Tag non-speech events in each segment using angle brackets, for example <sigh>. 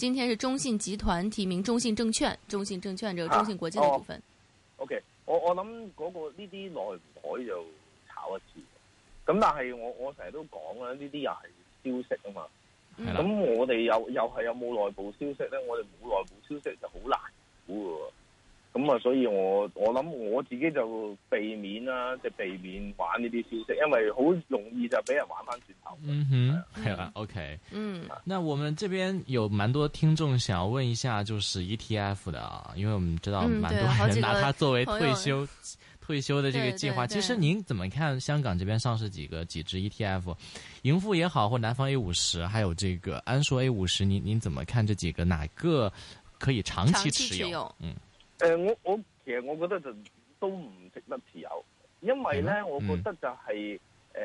今天是中信集團提名中信證券，中信證券這個中信國際的股份。啊哦、okay，我我諗嗰個呢啲內海就炒一次，咁但係我我成日都講啦，呢啲又係消息啊嘛，咁、嗯、我哋又又係有冇內部消息咧？我哋冇內部消息就好難估噶。咁啊，所以我我諗我自己就避免啦、啊，即係避免玩呢啲消息，因為好容易就俾人玩翻轉頭。嗯哼，係啦，OK。嗯，okay. 嗯，那我們這邊有蠻多聽眾想要問一下，就是 ETF 的啊，因為我們知道蠻多人拿它作為退休、嗯、退休的這個計劃。其實您怎麼看香港這邊上市幾個幾隻 ETF？盈富也好，或南方 A 五十，還有這個安碩 A 五十，您您怎麼看？這幾個哪個可以長期持有？持有嗯。誒、呃，我我其實我覺得就都唔值得持有，因為咧，嗯、我覺得就係、是、誒、嗯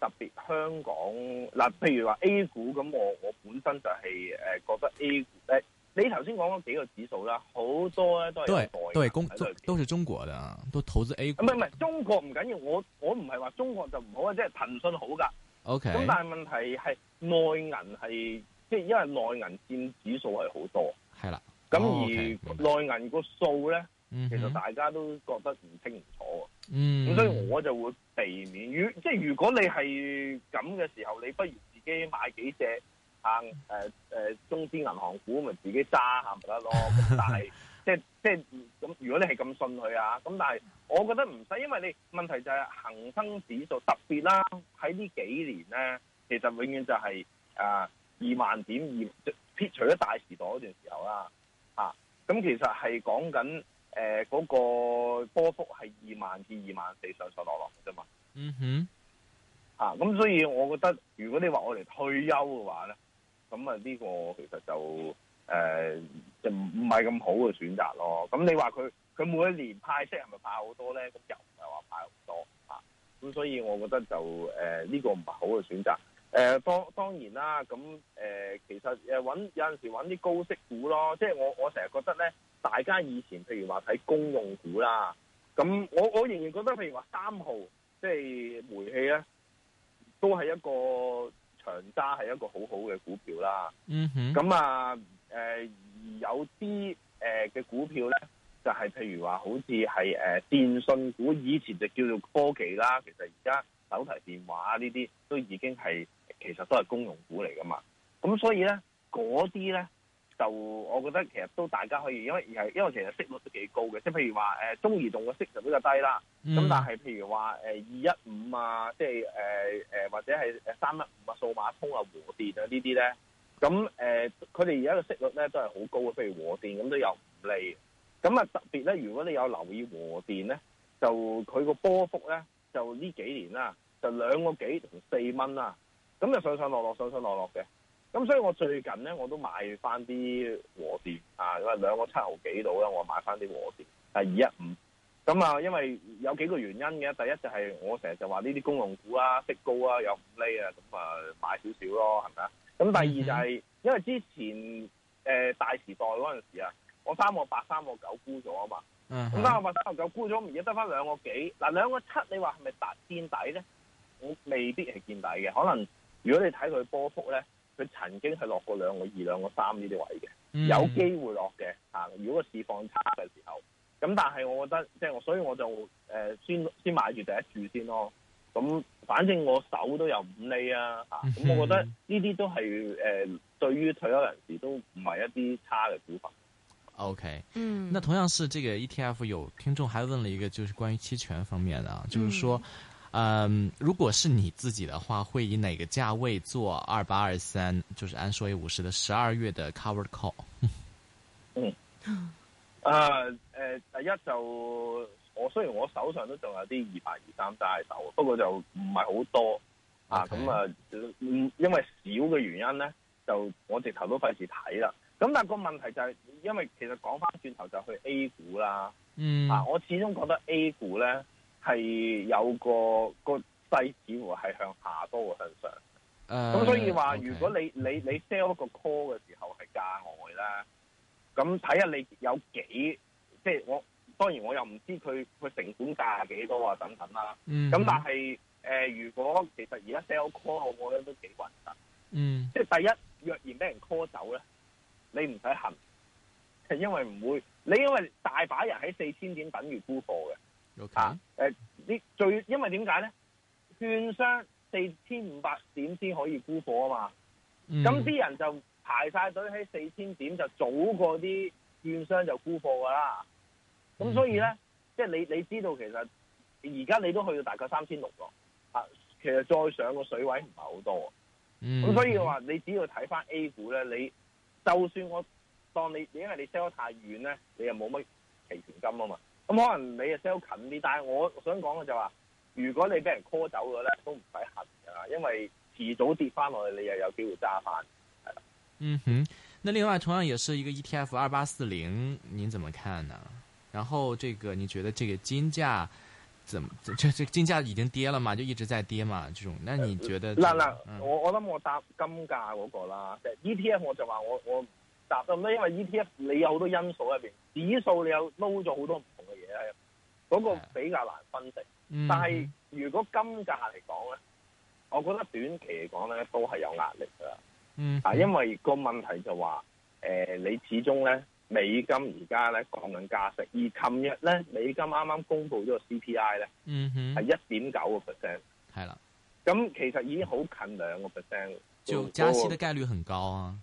呃、特別香港嗱，譬、呃、如話 A 股咁，我我本身就係誒覺得 A 股誒、呃，你頭先講咗幾個指數啦，好多咧都係都係都係公都係都是中國的，都投資 A 股。唔係唔係，中國唔緊要，我我唔係話中國就唔好啊，即、就、係、是、騰訊好噶。OK，咁但係問題係內銀係，即係因為內銀佔指數係好多。係啦。咁而內銀個數咧，白其實大家都覺得唔清唔楚咁，嗯、所以我就會避免。如即係如果你係咁嘅時候，你不如自己買幾隻行，啊啊啊、中資銀行股，咪自己揸下咪得咯？咁但係 <laughs> 即係即係咁，如果你係咁信佢啊，咁但係我覺得唔使，因為你問題就係恒生指數特別啦，喺呢幾年咧，其實永遠就係、是、啊二萬點，二，撇除咗大時代嗰段時候啦。咁其實係講緊誒嗰個波幅係二萬至二萬四上上落落嘅啫嘛。嗯哼。嚇、啊，咁所以我覺得，如果你話我哋退休嘅話咧，咁啊呢個其實就誒、呃、就唔唔係咁好嘅選擇咯。咁你話佢佢每一年派息係咪派好多咧？咁又唔係話派好多嚇。咁、啊、所以我覺得就誒呢、呃呢個唔係好嘅選擇。誒、呃，當當然啦，咁、呃、誒，其實誒揾有陣時揾啲高息股咯，即係我我成日覺得咧，大家以前譬如話睇公用股啦，咁我我仍然覺得譬如話三號即係煤氣咧，都係一個長揸，係一個很好好嘅股票啦。嗯哼，咁啊，誒、呃、有啲誒嘅股票咧，就係、是、譬如話好似係誒電信股，以前就叫做科技啦，其實而家手提電話呢啲都已經係。其實都係公用股嚟噶嘛，咁所以咧，嗰啲咧，就我覺得其實都大家可以因為而係因為其實息率都幾高嘅，即係譬如話誒、呃、中移動嘅息，息就比較低啦，咁、嗯、但係譬如話誒二一五啊，即係誒誒或者係誒三一五啊、數碼通啊、和電啊呢啲咧，咁誒佢哋而家嘅息率咧都係好高嘅，譬如和電咁都有五釐，咁啊特別咧，如果你有留意和電咧，就佢個波幅咧就呢幾年啦、啊，就兩個幾同四蚊啦。咁就上上落落上上落落嘅，咁所以我最近咧我都買翻啲和電啊，因為兩個七毫幾度啦，我買翻啲和電啊、嗯、二一五。咁啊，因為有幾個原因嘅，第一就係我成日就話呢啲公用股啊，息高啊，有五厘啊，咁啊買少少咯，係咪啊？咁第二就係、是嗯、哼因為之前、呃、大時代嗰陣時啊，我三個八三個九沽咗啊嘛，咁、嗯、哼三個八三個九沽咗，而家得翻兩個幾嗱、啊、兩個七，你話係咪達見底咧？我未必係見底嘅，可能。如果你睇佢波幅咧，佢曾經係落過兩個二、兩個三呢啲位嘅，嗯、有機會落嘅吓。如果個市況差嘅時候，咁但係我覺得，即係我所以我就誒、呃，先先買住第一注先咯。咁反正我手都有五厘啊，吓咁、嗯哼，啊、我覺得呢啲都係誒、呃，對於退休人士都唔係一啲差嘅股份。O K，嗯，那同樣是這個 E T F，有聽眾還問了一個，就是關於期權方面的，啊，就是說。嗯嗯，如果是你自己的話，會以哪個價位做二八二三？就是安碩 A50 的十二月的 covered call。 <laughs> 嗯，啊、呃，誒、呃，第一就我雖然我手上都仲有啲二八二三揸手，不過就唔係好多啊。咁 Okay. 啊，嗯，因為少嘅原因咧，就我直頭都費事睇啦。咁但係個問題就係、是，因為其實講返轉頭就去 A 股啦。嗯，啊，我始終覺得 A 股咧。係有個個細指數係向下多過向上，咁、uh, 所以話 okay. 如果你你你 sell 一個 call 嘅時候係價外啦，咁睇下你有幾即係我當然我又唔知佢個成本價係幾多啊等等啦，咁、mm hmm. 但係誒、呃、如果其實而家 sell call 我覺得都幾穩陣，mm hmm. 即係第一若然俾人 call 走咧，你唔使行，係因為唔會你因為大把人喺四千點等住沽貨嘅。吓，誒 Okay.、啊，呢最因為點解咧？券商，四千五百點先可以沽貨啊嘛，咁啲、mm hmm. 人就排晒隊喺四千點就早過啲券商就沽貨噶啦，咁所以咧，mm hmm. 即係你你知道其實而家你都去到大概三千六咯，啊，其實再上個水位唔係好多，咁、mm hmm. 所以話你只要睇翻 A 股咧，你就算我當你，你因為你 sell 得太遠咧，你又冇乜期權金啊嘛。咁、嗯、可能你嘅 sell 近啲，但係我想講嘅就話、是，如果你俾人 call 走咗咧，都唔使恨㗎，因為遲早跌翻落去，你又有機會揸翻。係啦。嗯哼，那另外同樣也是一個 ETF 二八四零，您怎麼看呢？然後這個，你覺得這個金價怎麼，怎？這這金價已經跌咗嘛？就一直在跌嘛？這種，那你覺得？嗱嗱、嗯嗯，我我諗我答金價嗰個啦、就是、ETF 我就話我我答，因為因為 ETF 你有好多因素喺入邊，指數你又撈咗好多。嗰個比較難分析，的但係如果金價嚟講咧，嗯、我覺得短期嚟講咧都係有壓力噶。嗯，啊，因為個問題就話、是，誒、呃，你始終咧美金而家咧講緊加息，而琴日咧美金啱啱公布咗個 CPI 咧，嗯係一點九個 percent，係啦，咁的其實已經好近兩個 percent，就加息嘅概率很高啊。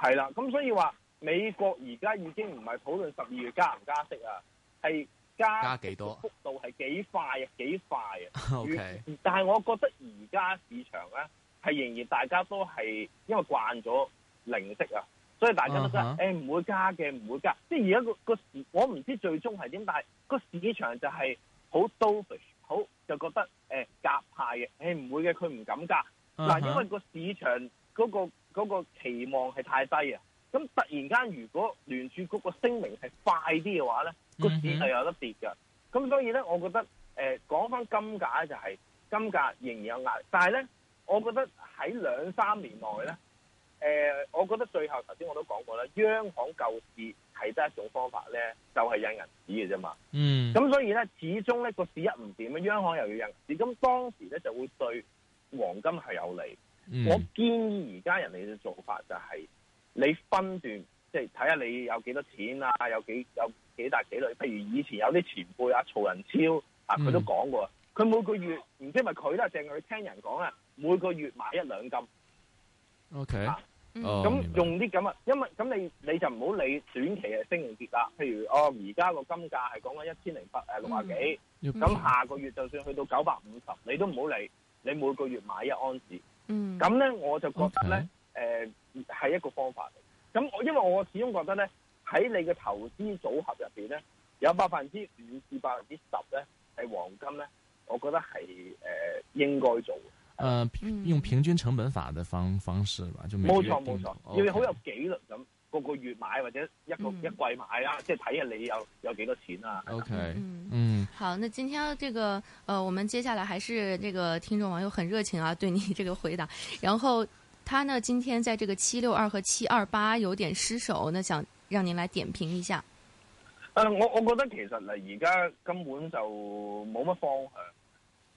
係啦，咁所以話美國而家已經唔係討論十二月加唔加息啊，係。加幾多？速幅度係幾快啊？幾快啊？Okay 但係我覺得而家市場咧，係仍然大家都係因為慣咗零息啊，所以大家都得誒唔會加嘅，唔會加。即係而家個個市，我唔知最終係點，但係個市場就係好刀鋒，好、huh. 就覺得誒夾、欸、派嘅，誒、欸、唔會嘅，佢唔敢加。嗱、uh，huh. 因為個市場嗰、嗰個、嗰個期望係太低啊。咁突然間，如果聯儲局個聲明係快啲嘅話咧？個、嗯嗯、市係有得跌嘅，咁所以咧，我覺得誒講翻金價咧，就係、是、金價仍然有壓力。但係咧，我覺得喺兩三年內咧，誒、呃，我覺得最後頭先我都講過啦，央行救市係得一種方法咧，就係印銀紙嘅啫嘛。嗯，咁所以咧，始終咧個市一唔掂，央行又要印銀紙，咁當時咧就會對黃金係有利。嗯、我建議而家人哋嘅做法就係你分段，即係睇下你有幾多錢啊，有幾有。幾大幾類？譬如以前有啲前輩啊，曹仁超啊，佢都講過。佢、嗯、每個月唔知係咪佢都咧，定係佢聽人講啊。每個月買一兩金。O K。咁用啲咁啊，因為咁你你就唔好理短期嘅升與跌啦。譬如哦，而家個金價係講緊一千零八誒六百幾，咁、嗯嗯、下個月就算去到九百五十，你都唔好理。你每個月買一安士。嗯。咁咧，我就覺得咧，誒係 okay?、呃、一個方法嚟。咁我因為我始終覺得咧。喺你嘅投資組合入邊呢，有百分之五至百分之十呢係黃金呢。我覺得係誒應該做、呃平嗯、用平均成本法的方方式吧，就冇錯冇錯，要好 Okay 有紀律咁，個個月買或者一個、嗯、一季買啊，即係睇下你有有幾多錢啊。OK，嗯，嗯、好，那今天這個，呃，我們接下來還是這個聽眾網友很熱情啊，對你這個回答，然後他呢，今天在這個七六二和七二八有點失手，那想。讓您來點評一下。誒、啊，我我覺得其實嚟而家根本就冇乜方向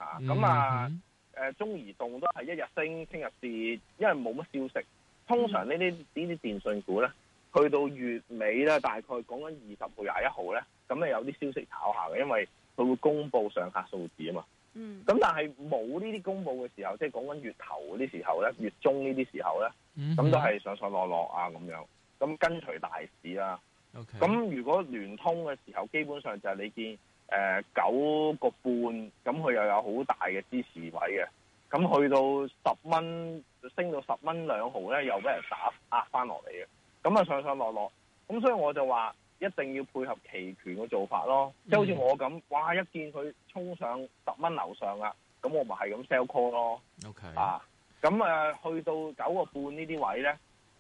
啊。咁、嗯、啊，誒、嗯啊，中移動都係一日升，聽日跌，因為冇乜消息。通常這些、嗯、這些呢啲呢啲電訊股咧，去到月尾咧，大概講緊二十號廿一號咧，咁咧有啲消息炒下嘅，因為佢會公布上下數字啊嘛。嗯。咁但係冇呢啲公布嘅時候，即係講緊月頭呢啲時候咧，月中呢啲時候咧，咁、嗯、都係上上落落啊，咁樣。咁跟隨大市啦。咁 Okay. 如果聯通嘅時候，基本上就係你見誒九個半，咁、呃、佢又有好大嘅支持位嘅。咁去到十蚊，升到十蚊兩毫咧，又俾人打壓翻落嚟嘅。咁啊上上落落，咁所以我就話一定要配合期權嘅做法咯。即係好似我咁，哇！一見佢衝上十蚊樓上啦，咁我咪係咁 sell call 咯。Okay. 啊，咁、呃、去到九個半呢啲位咧。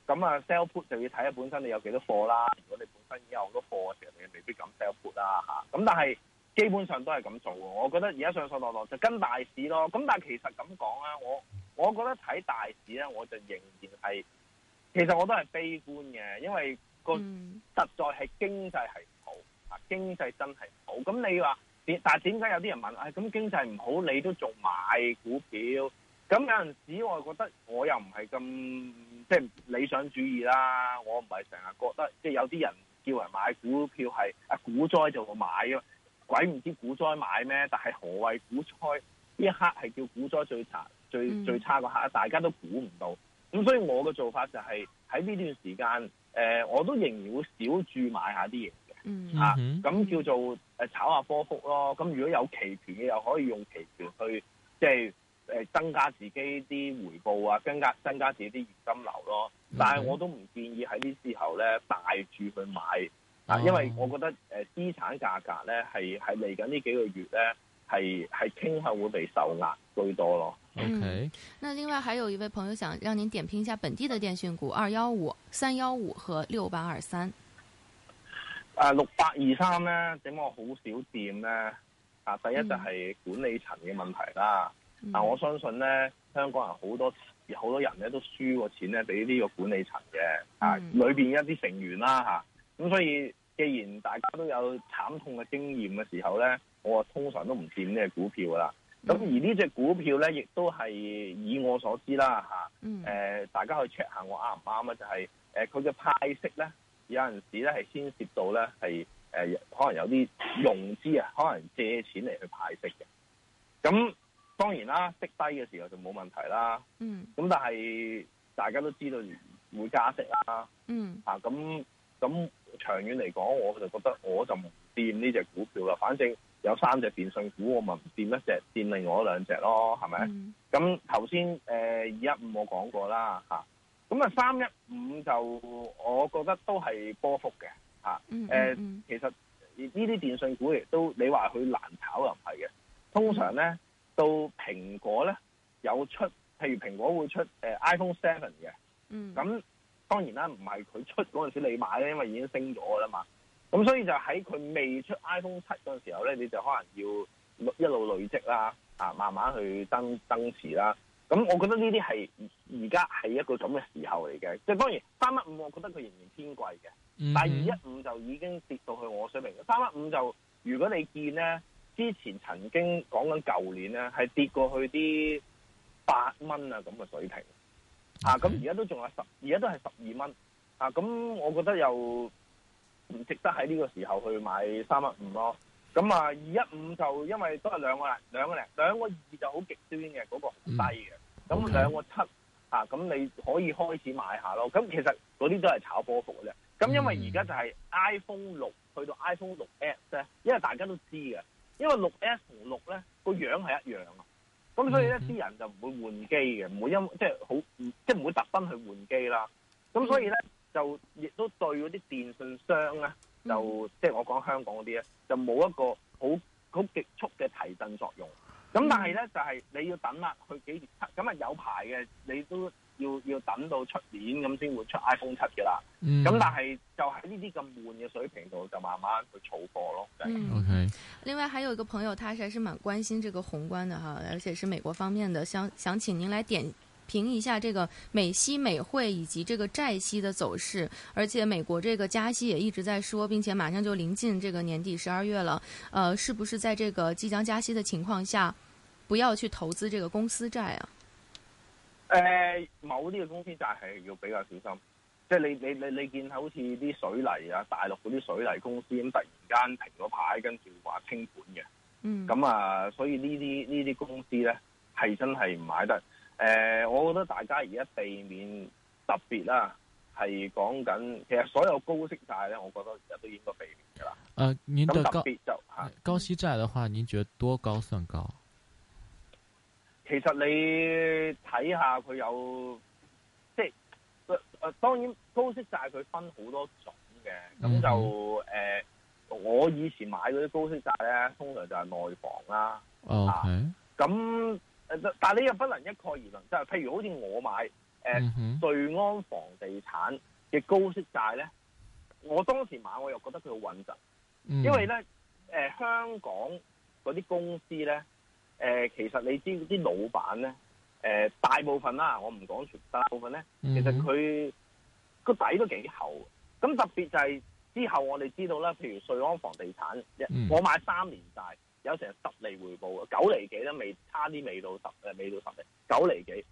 咁啊，sell put 就要睇下本身你有幾多貨啦。如果你本身已有好多貨嘅時候，其實你未必敢 sell put 啦吓。咁但係基本上都係咁做。我覺得而家上上落落就跟大市咯。咁但係其實咁講啦，我我覺得睇大市咧，我就仍然係其實我都係悲觀嘅，因為個實在係經濟係唔好啊，經濟真係唔好。咁你話，但係點解有啲人問？誒、哎，咁經濟唔好，你都仲買股票？咁有陣時，我覺得我又唔係咁即係理想主義啦。我唔係成日覺得即係、就是、有啲人叫人買股票係啊股災就買咯，鬼唔知股災買咩？但係何謂股災？呢一刻係叫股災最差最最差個刻，大家都估唔到。咁所以我嘅做法就係喺呢段時間、呃，我都仍然會少注買下啲嘢嘅吓。咁叫做誒炒下波幅咯。咁如果有期權嘅，又可以用期權去即係。就是誒，增加自己啲回報啊，增加增加自己啲現金流咯。但係我都唔建議喺呢時候咧大住去買啊，因為我覺得誒資產價格咧係係嚟緊呢幾個月咧係係傾向會被受壓最多咯。OK，、嗯、那另外還有一位朋友想讓您點評一下本地嘅電訊股二幺五、三幺五和六八二三。誒、啊，六八二三咧，整我好少掂咧。啊，第一就係管理層嘅問題啦。嗱、嗯啊，我相信咧，香港人好多好多人咧都輸過錢咧俾呢給這個管理層嘅、嗯啊，啊，裏邊一啲成員啦吓，咁所以既然大家都有慘痛嘅經驗嘅時候咧，我通常都唔見呢隻股票㗎啦。咁、嗯啊、而呢隻股票咧，亦都係以我所知啦吓，誒、啊啊，大家去 check 下我啱唔啱啊？就係誒，佢嘅派息咧，有陣時咧係牽涉到咧係誒，可能有啲融資啊，可能借錢嚟去派息嘅，咁、啊。嗯當然啦，息低嘅時候就冇問題啦。嗯，咁但係大家都知道會加息啦。嗯，啊咁咁長遠嚟講，我就覺得我就唔掂呢隻股票啦。反正有三隻電信股，我咪唔掂一隻，掂另外兩隻咯，係咪？咁頭先誒二一五我講過啦，吓咁啊三一五就我覺得都係波幅嘅吓。誒、啊嗯嗯嗯呃，其實呢啲電信股亦都你話佢難炒又唔係嘅，通常咧。嗯到蘋果咧有出，譬如蘋果會出、呃、iPhone Seven 嘅，咁、嗯、當然啦，唔係佢出嗰陣時你買咧，因為已經升咗啦嘛。咁所以就喺佢未出 iPhone 七嗰陣時候咧，你就可能要一路累積啦，啊，慢慢去增增持啦。咁我覺得呢啲係而家係一個咁嘅時候嚟嘅，即係當然三一五，我覺得佢仍然偏貴嘅，嗯嗯，但係二一五就已經跌到去我水平。三一五就如果你見咧。之前曾經講緊舊年咧，係跌過去啲八蚊啊咁嘅水平 Okay. 啊，咁而家都仲有十，而家都係十二蚊啊。咁我覺得又唔值得喺呢個時候去買三一五咯。咁啊，二一五就因為都係兩個啦，兩個零兩個二就好極端嘅，嗰、嗰個好低嘅。咁 Okay. 兩個七啊，咁你可以開始買一下咯。咁其實嗰啲都係炒波幅嘅啫。咁因為而家就係 iPhone 六去到 iPhone 六 S 咧，因為大家都知嘅。因為六 S 同六咧，個樣係一樣啊，咁所以咧啲、嗯、人就唔會換機嘅，唔會因即係好即係唔會特登去換機啦。咁所以咧就亦都對嗰啲電信商咧，就即係我講香港嗰啲咧，就冇一個好好極速嘅提振作用。咁但係咧就係、是，你要等啦，去幾咁啊，有排嘅你都。要要等到出年咁先會出 iPhone 七嘅啦，咁、嗯、但係就喺呢啲咁悶嘅水平度就慢慢去儲貨咯。嗯、o Okay K，另外還有一個朋友，他還是蠻關心這個宏觀的哈，而且是美國方面的，想想請您來點評一下這個美息美匯以及這個債息的走勢，而且美國這個加息也一直在說，並且馬上就臨近這個年底十二月了，呃，是不是在這個即將加息的情況下，不要去投資這個公司債啊？誒、呃，某啲嘅公司債係要比較小心，即係你你你你見好似啲水泥啊，大陸嗰啲水泥公司咁突然間停咗牌，跟住話清盤嘅，嗯，咁啊，所以呢啲呢啲公司咧係真係唔買得。誒、呃，我覺得大家而家避免特別啦、啊，係講緊其實所有高息債咧，我覺得而家都應該避免噶啦。誒、呃，咁特別就係高息債嘅話，您覺得多高算高？其實你睇下佢有，即係誒誒，當然高息債佢分好多種嘅，咁就誒、mm hmm. 呃，我以前買嗰啲高息債咧，通常就係內房啦，Okay. 啊，咁誒，但係你又不能一概而論，即、就、係、是、譬如好似我買誒瑞、呃 mm hmm. 安房地產嘅高息債咧，我當時買，我又覺得佢好穩陣，mm hmm. 因為咧誒、呃、香港嗰啲公司咧。誒、呃，其實你知啲老闆咧，誒、呃，大部分啦，我唔講全部，大部分咧，其實佢個、mm hmm. 底都幾厚。咁特別就係之後我哋知道啦，譬如瑞安房地產，mm hmm. 我買三年債，有成十厘回報，九厘幾都未，差啲未到十誒，未到十厘，九厘幾。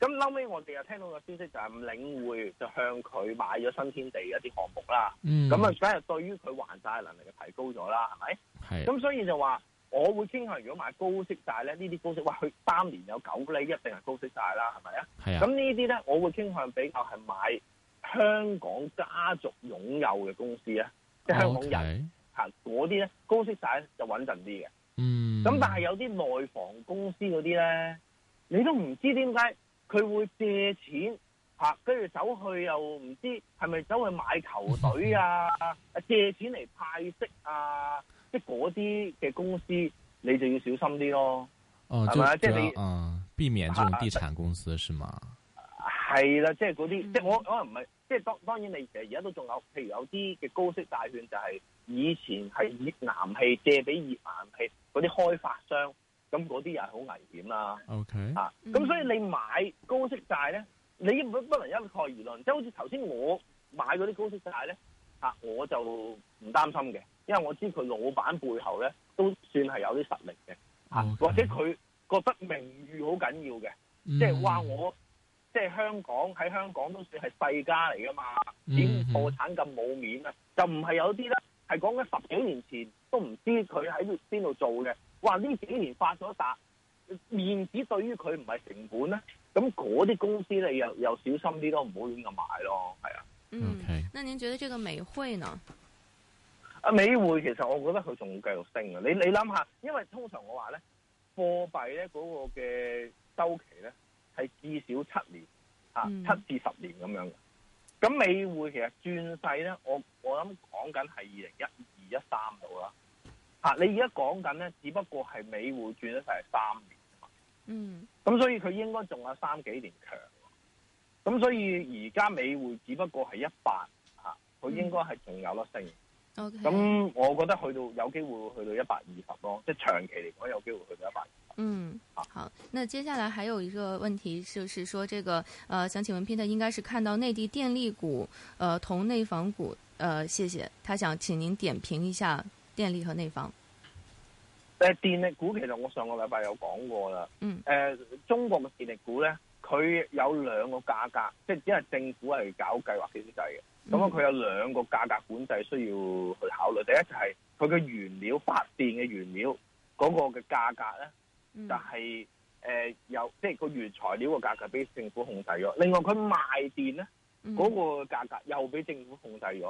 咁嬲尾我哋又聽到個消息，就係領匯就向佢買咗新天地嘅一啲項目啦。咁啊、mm，梗、hmm. 係對於佢還債能力就提高咗啦，係咪？係。咁所以就話。我會傾向如果買高息債咧，呢啲高息，哇，佢三年有九厘，一定係高息債啦，係咪啊？係啊。咁呢啲咧，我會傾向比較係買香港家族擁有嘅公司啊，哦、即係香港人嗰啲咧，高息債就穩陣啲嘅。嗯。咁但係有啲內房公司嗰啲咧，你都唔知點解佢會借錢跟住、啊、走去又唔知係咪走去買球隊啊？ <laughs> 借錢嚟派息啊？即係嗰啲嘅公司，你就要小心啲咯。係咪即係你、嗯、避免這種地產公司是嗎？係啦、就是嗯，即係嗰啲，即係我可能唔係，即係當當然你其實而家都仲有，譬如有啲嘅高息債券就係以前係熱癌氣借俾熱癌氣嗰啲開發商，咁嗰啲又係好危險啦。OK，啊，咁 Okay.、啊、所以你買高息債咧，你唔不能一概而論，即、就、係、是、好似頭先我買嗰啲高息債咧。我就唔擔心嘅，因為我知佢老闆背後咧都算係有啲實力嘅，Okay. 或者佢覺得名譽好緊要嘅，即係話我即係、就是、香港喺香港都算係世家嚟噶嘛，點破、mm hmm. 產咁冇面啊？就唔係有啲咧係講緊十幾年前都唔知佢喺邊度做嘅，話呢幾年發咗達，面子對於佢唔係成本啦，咁嗰啲公司咧又又小心啲咯，唔好亂咁買咯，係啊。Okay. 嗯，那您覺得這個美匯呢？美匯其實我覺得佢仲繼續升啊。你你諗下，因為通常我話咧，貨幣咧嗰，那個嘅周期咧係至少七年，啊嗯，七至十年咁樣。咁美匯其實轉勢咧，我我諗講緊係二零一二一三度啦。吓，啊，你而家講緊咧，只不過係美匯轉得係三年。嗯。咁所以佢應該仲有三幾年強。咁所以而家美匯只不過係一百，嚇，佢應該係仲有得升。咁 Okay, 我覺得去到有機會去到一百二十多，即係長期嚟講有機會去到一百二。嗯，好。那接下來還有一個問題，就是說這個，呃，想請問 Peter 應該是看到內地電力股，呃，同內房股，呃，謝謝他想請您點評一下電力和內房。誒、呃，電力股其實我上個禮拜有講過啦。嗯、呃。中國嘅電力股咧。佢有兩個價格，即係因為政府係搞計劃經濟嘅，咁啊佢有兩個價格管制需要去考慮。第一就係佢嘅原料發電嘅原料嗰、嗰個嘅價格咧、就係，就係誒有即係個原材料嘅價格俾政府控制咗。另外佢賣電咧嗰、嗰個價格又俾政府控制咗，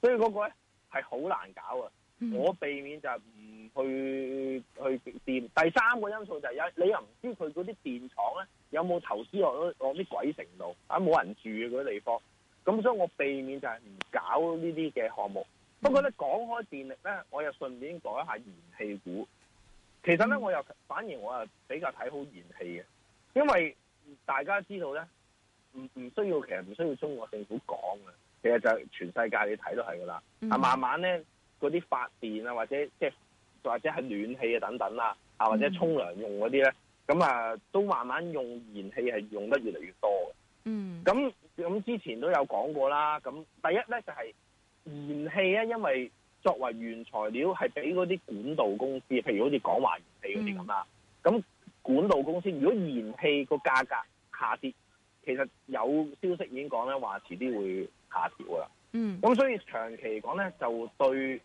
所以嗰個咧係好難搞啊！我避免就係唔去去掂。第三個因素就係、是、有，你又唔知佢嗰啲電廠咧有冇投資落咗啲鬼城度，啊冇人住嘅嗰啲地方。咁所以我避免就係唔搞呢啲嘅項目。不過咧講開電力咧，我又順便講一下燃氣股。其實咧我又反而我係比較睇好燃氣嘅，因為大家知道咧，唔唔需要其實唔需要中國政府講嘅，其實就係全世界你睇都係噶啦。啊、嗯、慢慢咧。嗰啲發電啊，或者即係或者係暖氣啊等等啦，啊，啊或者沖涼用嗰啲咧，咁啊都慢慢用燃氣係用得越嚟越多嘅。嗯，咁咁之前都有講過啦。咁第一咧就係、是、燃氣咧、啊，因為作為原材料係俾嗰啲管道公司，譬如好似港華燃氣嗰啲咁啦。咁、嗯、管道公司如果燃氣個價格下跌，其實有消息已經講咧話，遲啲會下調噶啦。嗯，咁所以長期嚟講咧，就對誒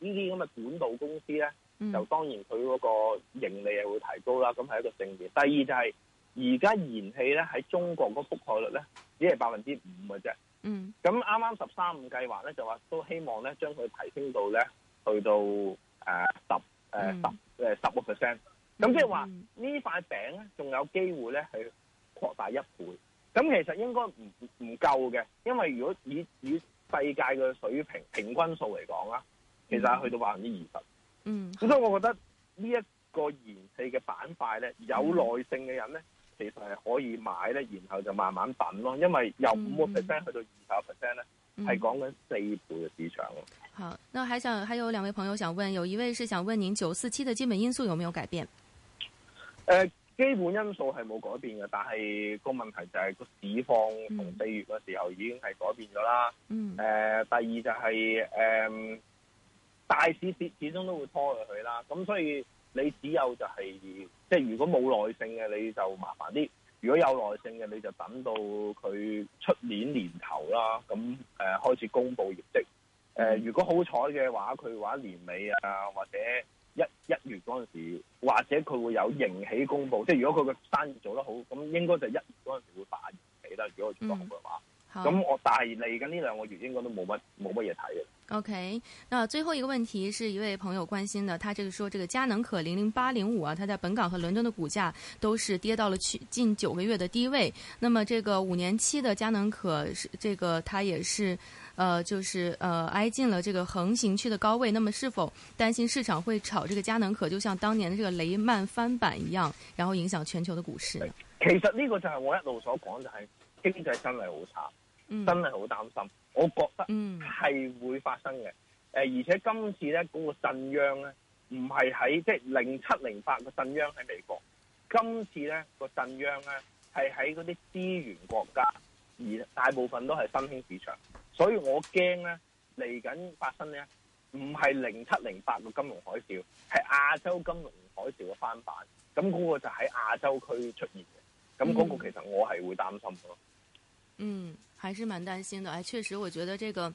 呢啲咁嘅管道公司咧，嗯、就當然佢嗰個盈利係會提高啦，咁係一個正面。第二就係而家燃氣咧喺中國嗰覆蓋率咧，只係百分之五嘅啫。嗯，咁啱啱十三五計劃咧就話都希望咧將佢提升到咧去到誒十誒十誒十個 percent。咁即係話、嗯、呢塊餅咧仲有機會咧去擴大一倍。咁其實應該唔唔夠嘅，因為如果以以世界嘅水平平均數嚟講啦，其實係去到百分之二十。嗯，所以我覺得呢一個燃氣嘅板塊咧，嗯、有耐性嘅人咧，其實係可以買咧，然後就慢慢等咯。因為由五個 percent 去到二十 percent 咧，係講緊四倍嘅市場咯。好，那還想還有兩位朋友想問，有一位是想問您九四七嘅基本因素有沒有改變？誒、呃。基本因素係冇改變嘅，但係個問題就係個市況同四月嘅時候已經係改變咗啦。誒、嗯呃，第二就係、是、誒、呃、大市跌，始終都會拖落去啦。咁所以你只有就係即係如果冇耐性嘅你就麻煩啲，如果有耐性嘅你就等到佢出年年頭啦。咁誒、呃、開始公布業績。誒、呃，如果好彩嘅話，佢話年尾啊或者。一一月嗰陣時或者佢會有盈喜公布，即係如果佢個生意做得好，咁應該就是一月嗰陣時會大發盈喜啦。如果做公布嘅話，咁、嗯、我大係嚟緊呢兩個月應該都冇乜冇乜嘢睇嘅。OK，那最後一個問題是一位朋友關心的，他就是說這個佳能可零零八零五啊，他在本港和倫敦的股價都是跌到了去近九個月的低位，那麼這個五年期的佳能可是這個它也是。呃，就是呃挨近了這個橫行區的高位，那麼是否擔心市場會炒這個嘉能可就像當年的這個雷曼翻版一樣，然後影響全球的股市？其實呢個就係我一路所講，就係經濟真係好差，嗯、真係好擔心。我覺得係會發生嘅。嗯、而且今次呢個震央呢，唔係喺即係零七零八個震央喺美國，今次呢個震央呢，係喺嗰啲資源國家，而大部分都係新興市場。所以我驚咧嚟緊發生咧，唔係零七零八個金融海嘯，係亞洲金融海嘯嘅翻版。咁、那、嗰個就喺亞洲區出現嘅，咁、那、嗰個其實我係會擔心咯、嗯。嗯，還是蠻擔心的。哎，確實，我覺得這個。